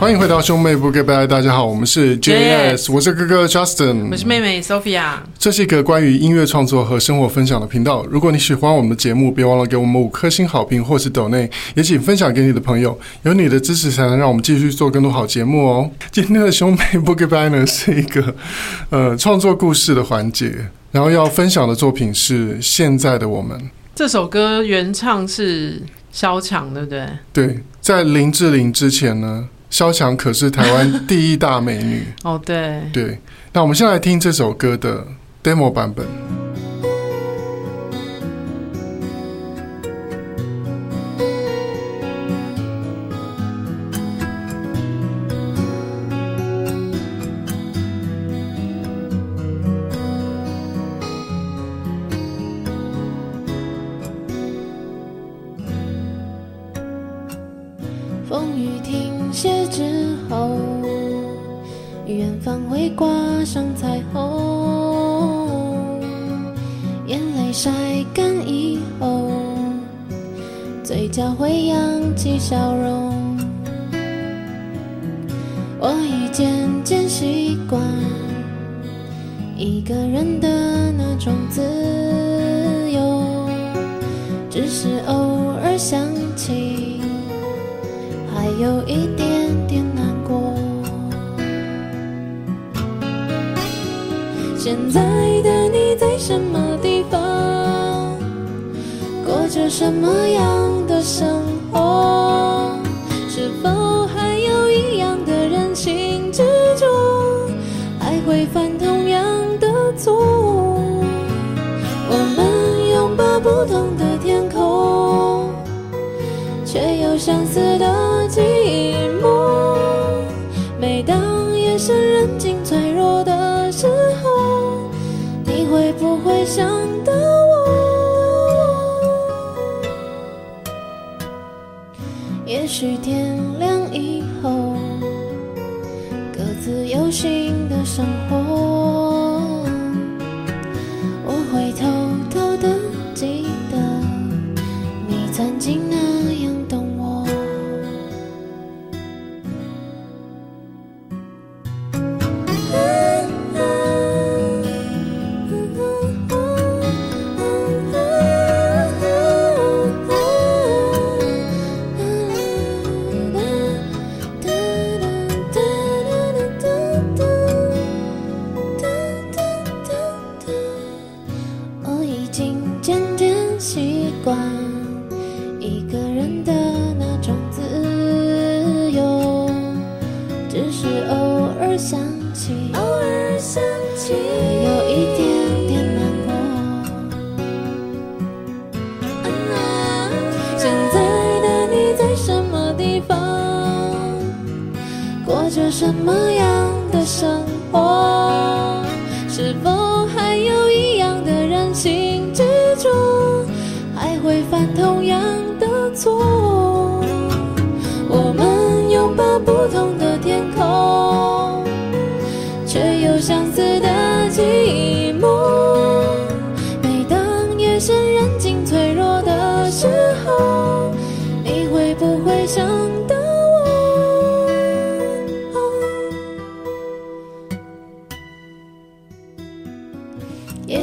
歡迎回到兄妹不給拜，大家好，我們是 JS，我是哥哥 Justin，我是妹妹 Sophia。這是一個關於音樂創作和生活分享的頻道。如果你喜歡我們的節目，別忘了給我們五顆星好評或是抖內，也請分享給你的朋友。有你的支持，才能讓我們繼續做更多好節目哦。今天的兄妹不給拜呢，是一個呃創作故事的環節，然後要分享的作品是現在的我們。這首歌原唱是蕭薔，對不對？對，在林志玲之前呢。蕭薔可是台灣第一大美女哦！ ，oh，對，對，那我們先來聽這首歌的 demo 版本。一個人的那種自由，只是偶爾想起，還有一點點難過。現在的你在什麼地方？過着什麼樣的生活？相思的寂寞，每當夜深人靜、脆弱的時候，你會不會想到我？也許天亮以後，各自有新的生活。偶爾想起，偶爾想起，還有一點點難過。現在的你在什麼地方？過着什麼樣的生活？是否還有一樣的任性執着？還會犯同樣的錯？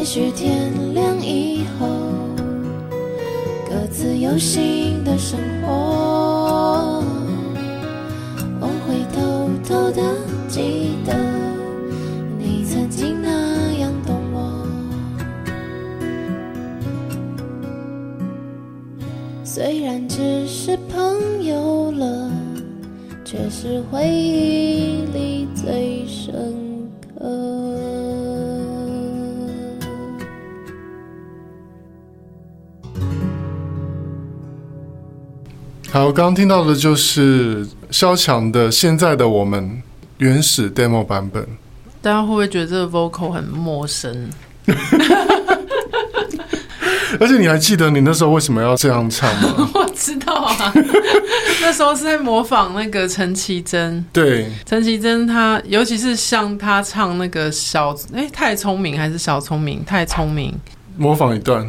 也許天亮以後，各自有新的生活。我會偷偷的記得，你曾經那樣懂我。雖然只是朋友了，卻是回憶裡最。我剛剛聽到的就是蕭薔的現在的我們原始 demo 版本。大家會不會覺得這個 vocal 很陌生？ 而且你還記得你那時候為什麼要這樣唱嗎？ 我知道啊，那時候是在模仿那個陳綺貞。對，陳綺貞她尤其是像她唱那個小哎、欸、太聰明還是小聰明太聰明，模仿一段。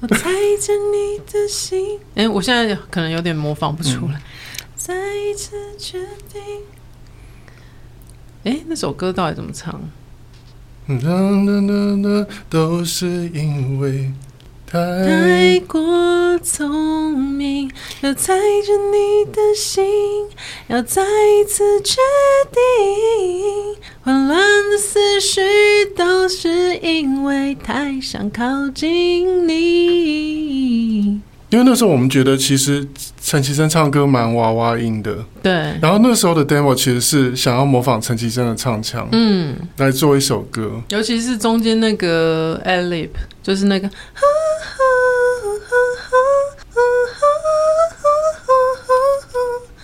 我猜着你的心，哎， 我現在可能有點模仿不出來。嗯、再一次確定，哎，那首歌到底怎麼唱 都是因為太太過聰明，要猜着你的心，要再一次決定。混亂的思緒都是因為太想靠近你。因為那時候我們覺得，其實陳綺貞唱歌蠻娃娃音的，對。然後那時候的 demo 其實是想要模仿陳綺貞的唱腔，嗯，來做一首歌。尤其是中間那個 ad lib，就是那個、啊。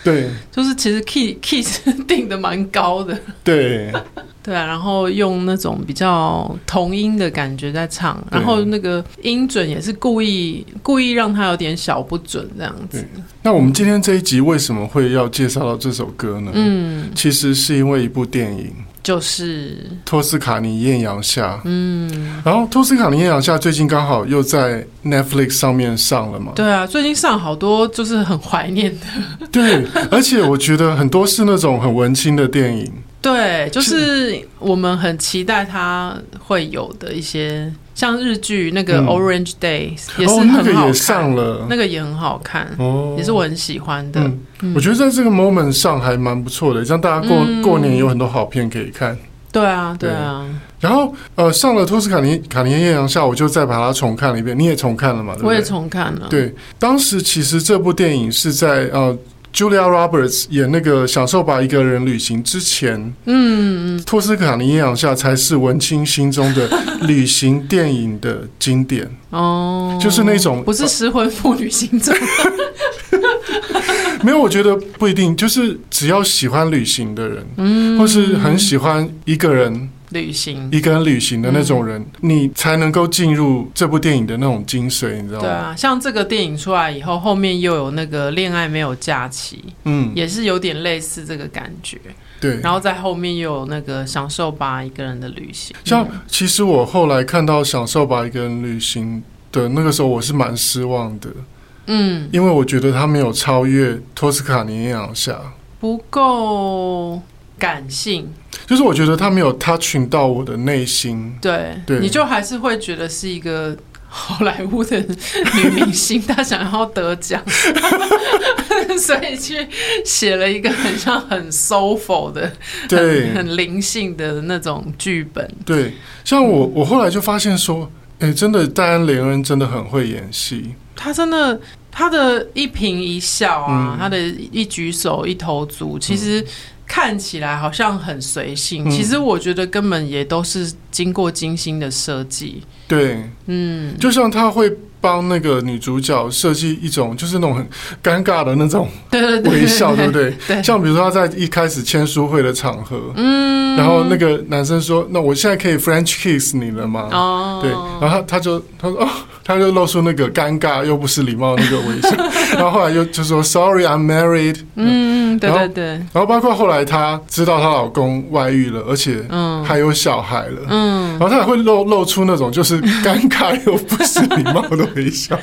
對，就是其實 key key 是定的蠻高的，對， 對啊，然後用那種比較童音的感覺在唱，然後那個音準也是故意故意讓它有點小不準這樣子。那我們今天這一集為什麼會要介紹到這首歌呢？嗯，其實是因為一部電影。就是《托斯卡尼豔陽下》，嗯，然後《托斯卡尼豔陽下》最近剛好又在 Netflix 上面上了嘛，對啊，最近上好多就是很懷念的，對， 而且我覺得很多是那種很文青的電影，對，就是我們很期待它會有的一些。像日劇那個 Orange Days，嗯、是，哦、那個也上了，那個也很好看，哦，也是我很喜歡的。嗯嗯、我覺得在這個 moment 上還蠻不錯的，像、嗯、大家過、嗯、過年有很多好片可以看。對啊，對，對啊。然後呃，上了托斯卡尼卡尼艷陽下，我就再把它重看了一遍。你也重看了嘛？我也重看了，對對重看了。對，當時其實這部電影是在呃。Julia Roberts 演那個享受吧一個人旅行之前，嗯、托斯卡尼艷陽下才是文青心中的旅行電影的經典。哦， 就是那種不是失婚婦女心中。 沒有，我覺得不一定，就是只要喜歡旅行的人，嗯、或是很喜歡一個人。旅行，一個人旅行的那種人，嗯、你才能夠進入這部電影的那種精髓，你知道嗎？對啊，像這個電影出來以後，後面又有那個《戀愛沒有假期》，嗯，也是有點類似這個感覺。對，然後在後面又有那個《享受吧一個人的旅行》像。像、嗯、其實我後來看到《享受吧一個人旅行》的那個時候，我是蠻失望的，嗯，因為我覺得他沒有超越托斯卡尼艷陽下，不夠。感性，就是我覺得他沒有 touch 到我的內心。對，對，你就還是會覺得是一個好萊塢的女明星，她 想要得獎， 所以去寫了一個很像很 soulful 的，對很很靈性的那種劇本。對，像我、嗯，我後來就發現說，哎、欸，真的，戴安·蓮恩真的很會演戲，她真的，她的一顰一笑啊，她、嗯、的一舉手一投足，嗯、其實。看起來好像很隨性、嗯，其實我覺得根本也都是經過精心的設計。對，嗯，就像他會幫那個女主角設計一種，就是那種很尷尬的那種微笑，對，對，對，對，對不對，對？像比如說他在一開始簽書會的場合，嗯，然後那個男生說、嗯：“那我現在可以 French kiss 你了嗎？”哦，對，然後他，他就他說：“哦。”他就露出那個尷尬又不失禮貌的那個微笑， 然後後來又就說 “Sorry, I'm married。”嗯，嗯，對對對。然後包括後來她知道她老公外遇了，而且還有小孩了，嗯，然後她也會露露出那種就是尷尬又不失禮貌的微笑，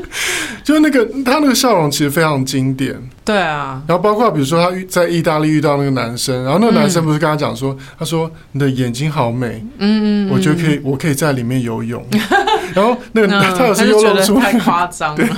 就是那個她那個笑容其實非常經典。對啊。然後包括比如說她遇在意大利遇到那個男生，然後那個男生不是跟他講說、嗯，他說你的眼睛好美，嗯,嗯,嗯，我覺得可以，我可以在裡面游泳。然後那個他有時又露出，嗯、她她太誇張了。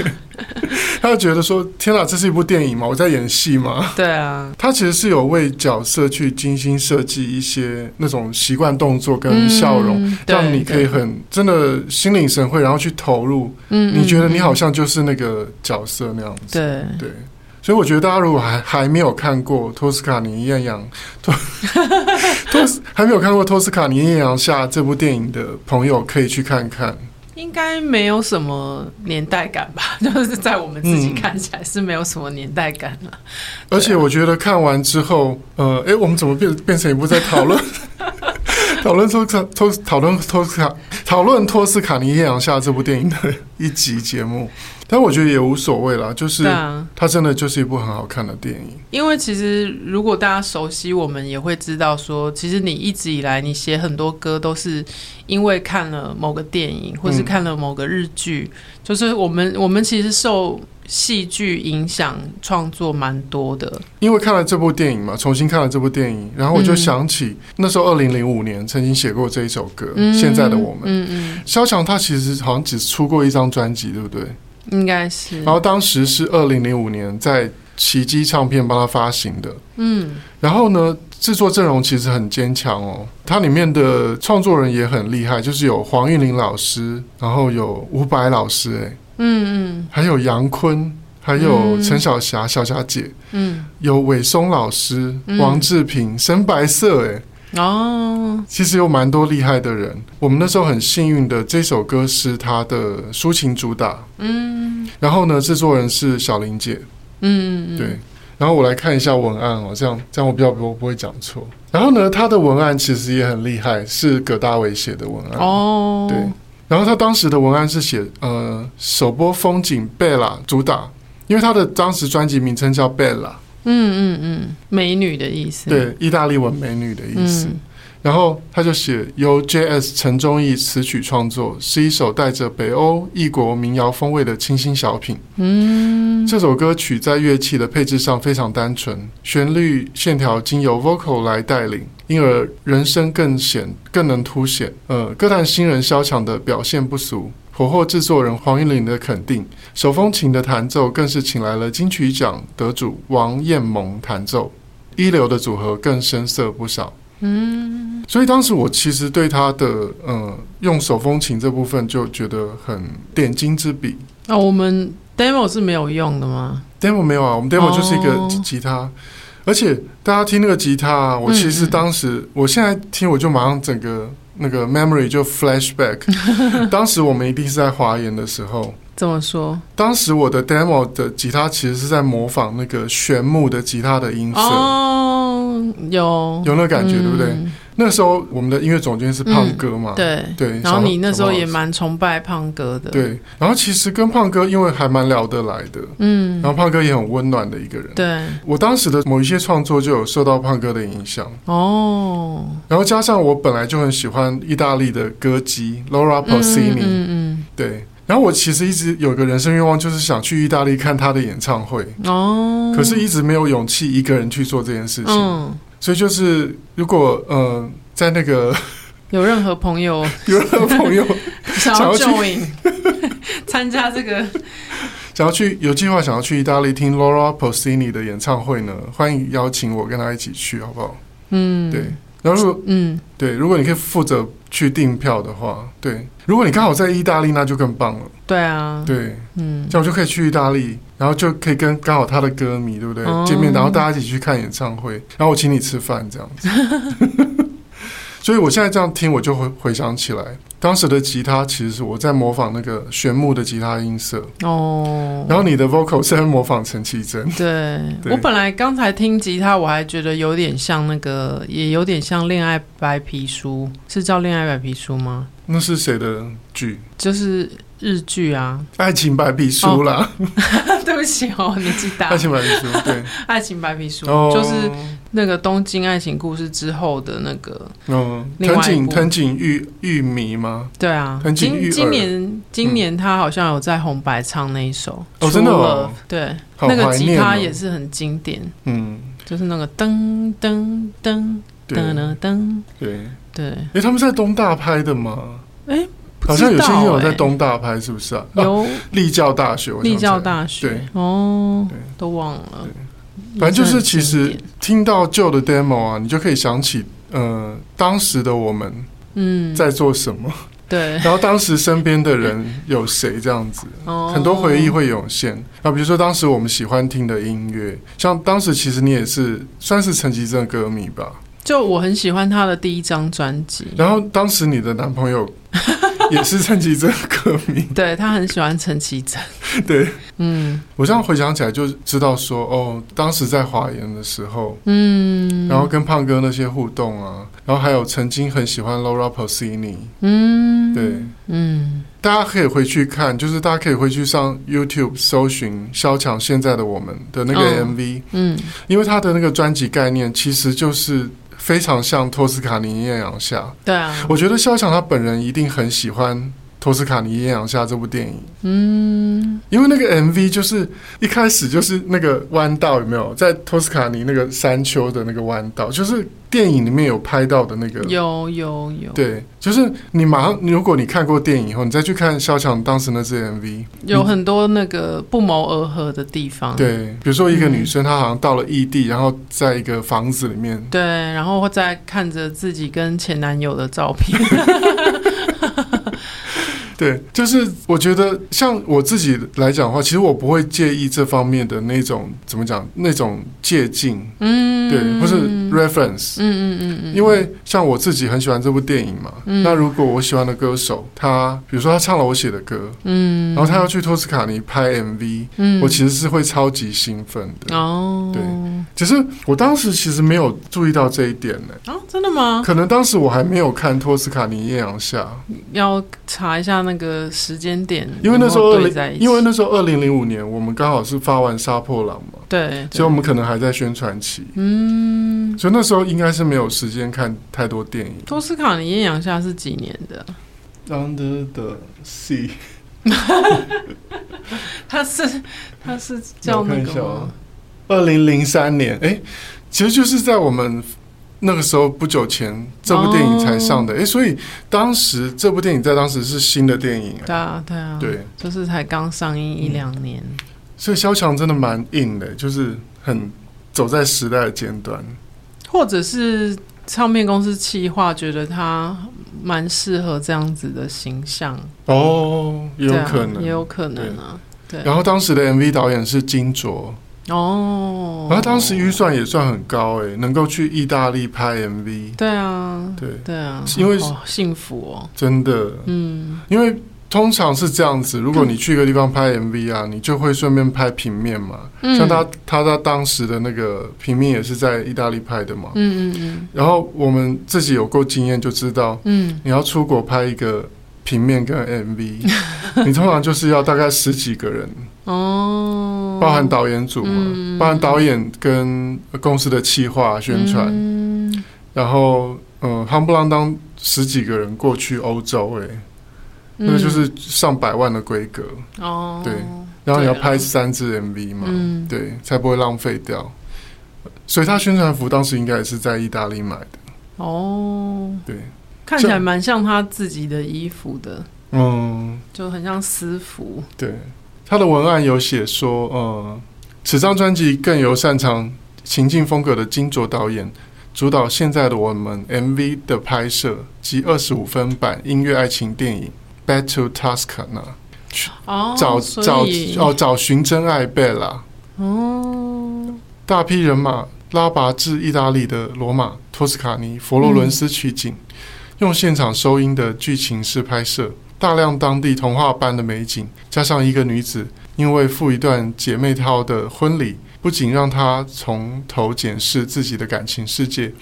他就覺得說：“天哪，這是一部電影嗎？我在演戲嗎？”嗯、對啊，他其實是有為角色去精心設計一些那種習慣動作跟笑容，嗯、讓你可以很真的心領神會，然後去投入。嗯，你覺得你好像就是那個角色那樣子。對對，所以我覺得大家如果還還沒有看過《托斯卡尼艷陽》托，托 斯還沒有看過《托斯卡尼艷陽下》這部電影的朋友，可以去看看。應該沒有什麼年代感吧，就是在我們自己看起來是沒有什麼年代感了、啊嗯。而且我覺得看完之後，呃，哎，我們怎麼變變成一部在討論討論托斯托討論托斯卡討論托斯卡尼豔陽下這部電影的一集節目。但我覺得也無所謂啦，就是、啊、它真的就是一部很好看的電影。因為其實如果大家熟悉，我們也會知道說，其實你一直以來你寫很多歌都是因為看了某個電影，或是看了某個日劇、嗯。就是我們我們其實受戲劇影響創作蠻多的。因為看了這部電影嘛，重新看了這部電影，然後我就想起、嗯、那時候二零零五年曾經寫過這一首歌，嗯《現在的我們》嗯。嗯嗯，蕭薔他其實好像只出過一張專輯，對不對？應該是。然後當時是二零零五年在奇蹟唱片幫他發行的。嗯，然後呢，製作陣容其實很堅強哦。它裡面的創作人也很厲害，就是有黃韻玲老師，然後有伍佰老師、欸，哎，嗯嗯，還有楊坤，還有陳小霞、嗯，小霞姐，嗯，有偉松老師、嗯，王志平，神白色、欸，哎。哦、oh.，其實有蠻多厲害的人。我們那時候很幸運的，這首歌是他的抒情主打。嗯、mm.，然後呢，製作人是小林姐。嗯、mm.，對。然後我來看一下文案哦，這樣這樣我比較不不會講錯。然後呢，他的文案其實也很厲害，是葛大為寫的文案。哦、oh.，對。然後他當時的文案是寫，呃，首播風景貝拉主打，因為他的當時專輯名稱叫貝拉。嗯嗯嗯，美女的意思。對，意大利文“美女”的意思。嗯嗯。然後他就寫由 J.S. 陳忠義詞曲創作，是一首帶着北歐異國民謠風味的清新小品。嗯，這首歌曲在樂器的配置上非常單純，旋律線條經由 vocal 來帶領，因而人聲更顯，更能凸顯。呃，歌壇新人蕭薔的表現不俗。火獲制作人黃韻玲的肯定，手風琴的彈奏更是請來了金曲獎得主王燕萌彈奏，一流的組合更聲色不少。嗯，所以當時我其實對他的嗯、呃、用手風琴這部分就覺得很點睛之筆。那、哦、我們 demo 是沒有用的嗎？demo 沒有啊，我們 demo、哦、就是一個吉吉他，而且大家聽那個吉他，我其實當時，嗯、我現在聽我就馬上整個。那個 memory 就 flashback， 當時我們一定是在華研的時候。怎麼說？當時我的 demo 的吉他其實是在模仿那個旋木的吉他的音色哦、oh，有有那個感覺，對不對？嗯那時候我們的音樂總監是胖哥嘛？嗯、對對，然後你那時候也蠻崇拜胖哥的。對，然後其實跟胖哥因為還蠻聊得來的。嗯。然後胖哥也很溫暖的一個人。對。我當時的某一些創作就有受到胖哥的影響。哦。然後加上我本來就很喜歡意大利的歌姬 Laura Pausini。嗯。嗯嗯，嗯。對。然後我其實一直有個人生願望，就是想去意大利看他的演唱會。哦。可是一直沒有勇氣一個人去做這件事情。嗯。所以就是，如果嗯、呃，在那個有任何朋友， 有任何朋友想要 join 參 要救 加這個，想要去有計劃想要去意大利聽 Laura p o s s i n i 的演唱會呢，歡迎邀請我跟他一起去，好不好？嗯，對。然後如果嗯，對，如果你可以負責去訂票的話，對，如果你剛好在意大利那就更棒了。對、嗯、啊，對，嗯，這樣我就可以去意大利，然後就可以跟剛好他的歌迷，對不對、嗯？見面，然後大家一起去看演唱會，然後我請你吃飯，這樣子。 所以我現在這樣聽，我就會回想起來當時的吉他其實是我在模仿那個旋木的吉他音色哦，然後你的 vocal 是在模仿陳綺貞，對。我本來剛才聽吉他我還覺得有點像那個，也有點像《戀愛白皮書》，是叫《戀愛白皮書》嗎？那是誰的劇？就是日劇啊，《愛情白皮書》啦。Oh, 對不起哦，你知道愛情白皮書，對， 《愛情白皮書》oh. 就是那個《東京愛情故事》之後的那個。嗯、oh.，藤井藤井玉玉迷嗎？對啊，藤今，今年今年他好像有在紅白唱那一首哦，嗯 oh, 真的哦，對，那個吉他也是很經典。嗯，就是那個噔噔噔噔噔噔，對。對，哎、欸，他們在東大拍的嗎？欸欸、好像有些也有在東大拍，是不是啊？有、啊、立教大學，立教大學，對，哦，對，都忘了。對反正就是，其實聽到舊的 demo 啊，你就可以想起，呃，當時的我們，嗯，在做什麼？對、嗯， 然後當時身邊的人有誰？這樣子， 很多回憶會湧現。那比如說當時我們喜歡聽的音樂，像當時其實你也是算是陳綺貞歌迷吧。就我很喜歡他的第一張專輯，然後當時你的男朋友也是陳綺貞歌迷， 正正歌迷 對，對他很喜歡陳綺貞，對，嗯，我這樣回想起來就知道說，哦，當時在華研的時候，嗯，然後跟胖哥那些互動啊，然後還有曾經很喜歡 Laura Pausini，嗯，對，嗯，大家可以回去看，就是大家可以回去上 YouTube 搜尋蕭薔現在的我們的那個 MV、哦、嗯，因為他的那個專輯概念其實就是。非常像托斯卡尼豔陽下，對啊，我覺得蕭薔他本人一定很喜歡《托斯卡尼豔陽下》這部電影，嗯，因為那個 MV 就是一開始就是那個彎道，有沒有在托斯卡尼那個山丘的那個彎道，就是。電影裡面有拍到的那個，有有有，對，就是你馬上，如果你看過電影以後，你再去看蕭薔當時那支 MV，有很多那個不謀而合的地方，嗯。對，比如說一個女生，她好像到了異地，嗯，然後在一個房子裡面，對，然後在看着自己跟前男友的照片。 對，就是我覺得像我自己來講的話，其實我不會介意這方面的那種，怎麼講，那種借鏡，嗯，對，不是 reference，嗯嗯嗯嗯，因為像我自己很喜歡這部電影嘛，嗯、那如果我喜歡的歌手他，比如說他唱了我寫的歌，嗯，然後他要去托斯卡尼拍 MV，嗯，我其實是會超級興奮的哦，對，只是我當時其實沒有注意到這一點呢，啊，真的嗎？可能當時我還沒有看托斯卡尼艷陽，陽下，要查一下呢、那個。那個時間點有有，因為那時候，因為那時候二零零五年，我們剛好是發完《殺破狼》嘛對，對，所以我們可能還在宣傳期，嗯，所以那時候應該是沒有時間看太多電影。托斯卡尼豔陽下是幾年的？Under the Sea，它 是它是叫那個？二零零三年，欸，其實就是在我們。那個時候不久前，這部電影才上的誒、哦欸，所以當時這部電影在當時是新的電影、欸，對啊，對啊，對，就是才剛上映一兩年、嗯，所以蕭薔真的蠻硬的、欸，就是很走在時代的尖端，或者是唱片公司企劃覺得他蠻適合這樣子的形象，哦，也有可能、啊，也有可能啊對，對。然後當時的 MV 導演是金卓。哦、oh, 啊，然後當時預算也算很高哎、欸，能夠去意大利拍 MV。對啊，對對啊，因為好好幸福哦，真的，嗯，因為通常是這樣子，如果你去一個地方拍 MV 啊，你就會順便拍平面嘛。像他、嗯，他他當時的那個平面也是在意大利拍的嘛。嗯嗯嗯。然後我們自己有過經驗就知道，嗯，你要出國拍一個平面跟 MV， 你通常就是要大概十幾個人。哦、oh,，包含導演組嘛、嗯，包含導演跟公司的企劃宣傳、嗯，然後嗯，夯不啷噹十幾個人過去歐洲、欸，哎、嗯，那個就是上百萬的規格哦。Oh, 對，然後你要拍三支 MV 嘛，嗯、對，才不會浪費掉。所以他宣傳服當時應該也是在意大利買的。哦、oh,，對，看起來蠻像他自己的衣服的，oh, 嗯，就很像私服，對。他的文案有寫說，呃，此張專輯更由擅長情境風格的金卓導演主導，現在的我們 MV 的拍攝及二十五分版音樂愛情電影《Back to Toscana 呢？哦、oh,，找找哦，找尋真愛貝拉。嗯，大批人馬拉拔至意大利的羅馬、托斯卡尼、佛羅倫斯取景，嗯，用現場收音的劇情式拍攝。大量當地童話般的美景，加上一個女子，因為赴一段姐妹淘的婚禮，不僅讓她從頭檢視自己的感情世界，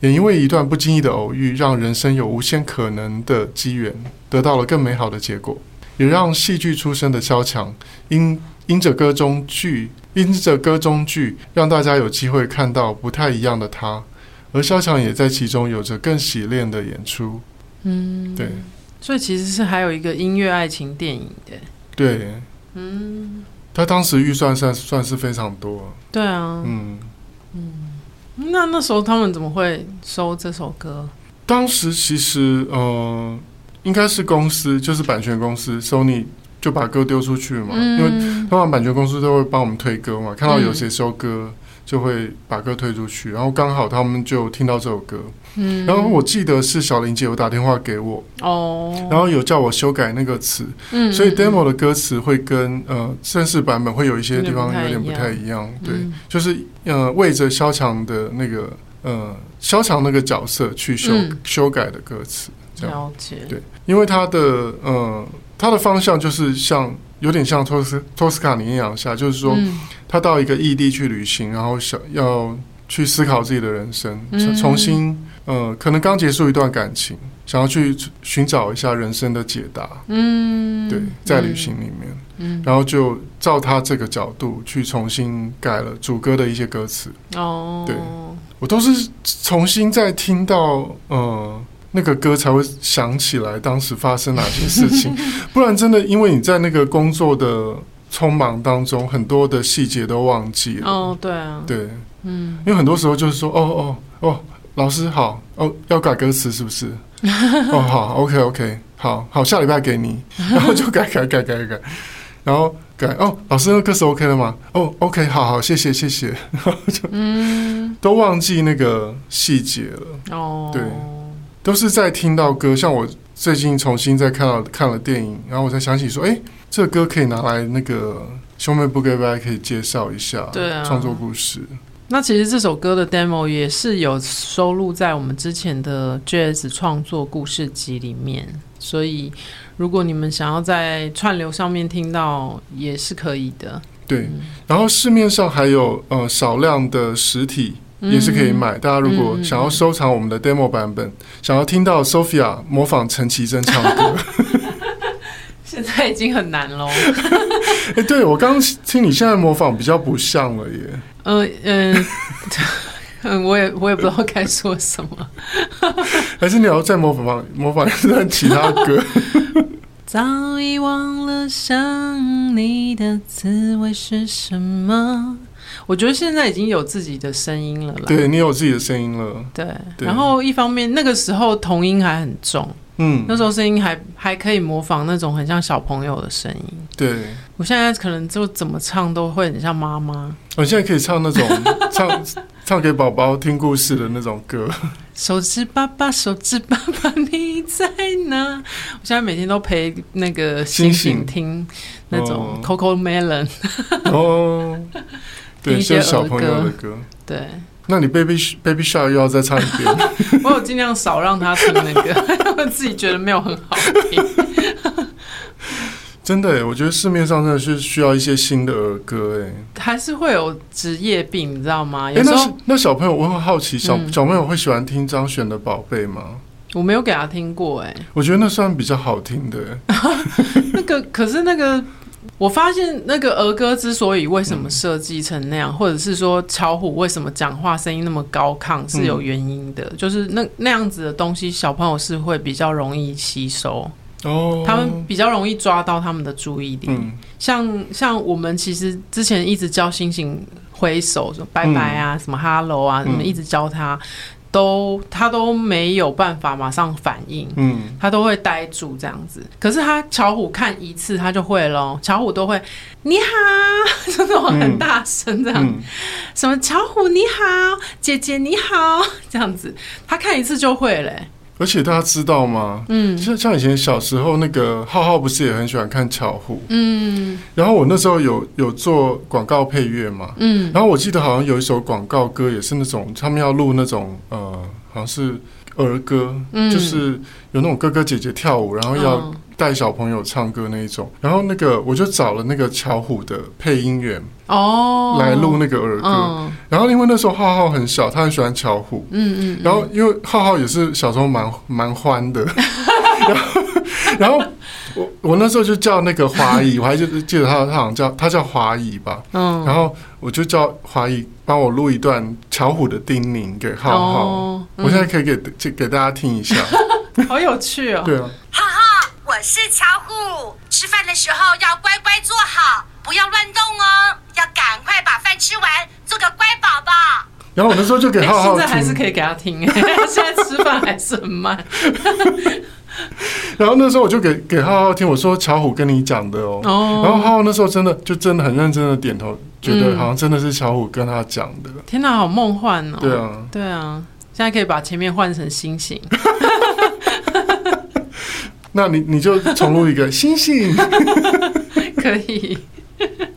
也因為一段不經意的偶遇，讓人生有無限可能的機緣，得到了更美好的結果。也讓戲劇出身的蕭薔，因因着歌中劇，因着歌中劇，讓大家有機會看到不太一樣的她。而蕭薔也在其中有着更洗練的演出。嗯，對。所以其實是還有一個音樂愛情電影的、欸，對，嗯，他當時預算算算是，非常多，對啊，嗯嗯，那那時候他們怎麼會收這首歌？當時其實呃，應該是公司，就是版權公司，索尼就把歌丟出去了嘛、嗯，因為通常版權公司都會幫我們推歌嘛，看到有誰收歌。嗯就會把歌推出去，然後剛好他們就聽到這首歌。嗯，然後我記得是小林姐有打電話給我哦，然後有叫我修改那個詞。嗯，所以 demo 的歌詞會跟呃正式版本會有一些地方有點不太一樣。這個、一樣對、嗯，就是呃為着蕭薔的那個呃蕭薔那個角色去修、嗯、修改的歌詞這樣。了解。對，因為他的呃他的方向就是像。有點像托斯托斯卡尼一樣下，就是說，嗯、他到一個異地去旅行，然後想要去思考自己的人生，嗯、重新，呃，可能剛結束一段感情，想要去尋找一下人生的解答。嗯，對，在旅行裡面，嗯、然後就照他這個角度、嗯、去重新改了主歌的一些歌詞。哦，對，我都是重新再聽到，嗯、呃。那個歌才會想起來當時發生哪些事情，不然真的因為你在那個工作的匆忙當中，很多的細節都忘記了。哦，對啊，對，嗯，因為很多時候就是說，哦哦哦，老師好，哦，要改歌詞是不是？哦好，OK OK，好好，下禮拜給你，然後就改改改改改，改，然後改哦，老師那個歌詞 OK 了嗎？哦，OK，好好，謝謝謝謝，然後就，嗯，都忘記那個細節了。哦，對。都是在聽到歌，像我最近重新再看到看了電影，然後我才想起說，誒、欸，這個歌可以拿來那個兄妹不給白，可以介紹一下創作故事，啊。那其實這首歌的 demo 也是有收錄在我們之前的 JS 創作故事集裡面，所以如果你們想要在串流上面聽到也是可以的。嗯、對，然後市面上還有呃少量的實體。也是可以買。大家如果想要收藏我們的 demo 版本，嗯、想要聽到 Sophia 模仿陳綺貞唱歌，現在已經很難嘍。哎、 欸，對我剛聽你現在模仿比較不像了耶。嗯、呃呃，我也我也不知道該說什麼。 還是你要再模仿模仿一段其他歌？ 早已忘了想你的滋味是什麼。我覺得現在已經有自己的聲音了啦。對，你有自己的聲音了對。對，然後一方面那個時候童音還很重，嗯，那時候聲音還還可以模仿那種很像小朋友的聲音。對，我現在可能就怎麼唱都會很像媽媽。我現在可以唱那種唱 唱，唱給寶寶聽故事的那種歌。手指爸爸，手指爸爸你在哪？ 我現在每天都陪那個星星聽星星那種 Coco、oh, Melon。哦 、oh.。一些對，是小朋友的歌。對，那你《Baby Baby Shark》又要再唱一遍？ 我有儘量少讓他聽那個， 因為自己覺得沒有很好聽。 真的、欸，我覺得市面上真的是需要一些新的兒歌、欸。哎，還是會有職業病，你知道嗎？欸、有那小那小朋友，我很好奇，小、嗯、小朋友會喜歡聽張懸的《寶貝》嗎？我沒有給他聽過、欸。哎，我覺得那算比較好聽的、欸。 那個，可是那個。我發現那個兒歌之所以為什麼設計成那樣、嗯，或者是說巧虎為什麼講話聲音那麼高亢，是有原因的。嗯、就是那那樣子的東西，小朋友是會比較容易吸收、哦，他們比較容易抓到他們的注意力、嗯。像像我們其實之前一直教星星揮手說拜拜啊、嗯，什麼 hello 啊，什、嗯、們一直教他。都他都沒有辦法馬上反應，嗯，他都會呆住這樣子。嗯、可是他巧虎看一次他就會咯。巧虎都會你好，就 是很大聲這樣，嗯、什麼巧虎你好，姐姐你好這樣子，他看一次就會嘞。而且大家知道嗎？嗯，像像以前小時候那個浩浩不是也很喜歡看巧虎？嗯，然後我那時候有有做廣告配樂嘛，嗯，然後我記得好像有一首廣告歌也是那種他們要錄那種呃，好像是兒歌，嗯，就是有那種哥哥姐姐跳舞，然後要、哦。帶小朋友唱歌那一種，然後那個我就找了那個巧虎的配音員哦，來錄那個兒歌。Oh, um, 然後因為那時候浩浩很小，他很喜歡巧虎，嗯嗯。然後因為浩浩也是小時候蠻蠻歡的， 然後，然後我，我那時候就叫那個華姨， 我還就記得他他好像叫他叫華姨吧，嗯，um，然後我就叫華姨幫我錄一段巧虎的叮嚀給浩浩，oh, um, 我現在可以給，um, 給給大家聽一下， 好有趣哦，對啊。 我是巧虎，吃飯的時候要乖乖坐好，不要亂動哦，要趕快把飯吃完，做個乖寶寶。 然後我那時候就給浩浩聽，欸、現在還是可以給他聽、欸，他 現在吃飯還是很慢。 然後那時候我就給給浩浩聽，我說巧虎跟你講的哦、喔。Oh, 然後浩浩那時候真的就真的很認真的點頭、嗯，覺得好像真的是巧虎跟他講的。天哪，好夢幻哦、喔！對啊，對啊，現在可以把前面換成星星。 那你你就重錄一個星星 ， 可以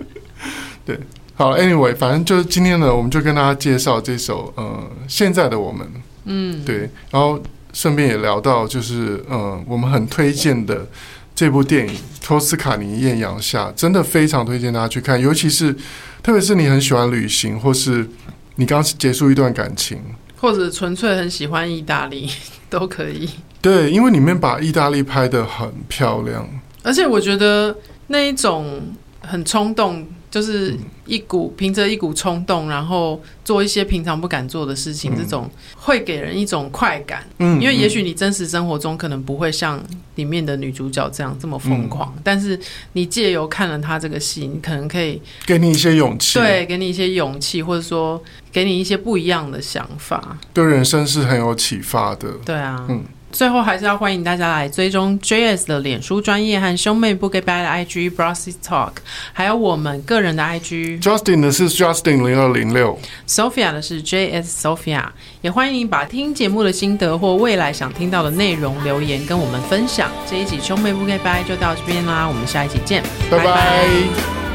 ，對，好，anyway，反正就是今天呢，我們就跟大家介紹這首呃現在的我們，嗯，對，然後順便也聊到就是呃我們很推薦的這部電影《托斯卡尼艷陽下》，真的非常推薦大家去看，尤其是特別是你很喜歡旅行，或是你剛剛結束一段感情，或者純粹很喜歡意大利都可以。對，因為裡面把意大利拍得很漂亮，而且我覺得那一種很衝動，就是一股憑着一股衝動，然後做一些平常不敢做的事情，這種、嗯、會給人一種快感。嗯，因為也許你真實生活中可能不會像裡面的女主角這樣這麼瘋狂，嗯、但是你借由看了她這個戲，你可能可以給你一些勇氣，對，給你一些勇氣，或者說給你一些不一樣的想法，對人生是很有啟發的。對啊，嗯。最後還是要歡迎大家來追蹤 J S 的臉書專頁和兄妹不給掰的 IG Bro Sis Talk，還有我們個人的 IG Justin 的是 Justin 零二零六，Sophia 的是 J S Sophia，也歡迎你把聽節目的心得或未來想聽到的內容留言跟我們分享。這一集「兄妹不給掰」就到這邊啦，我們下一集見，拜拜。Bye bye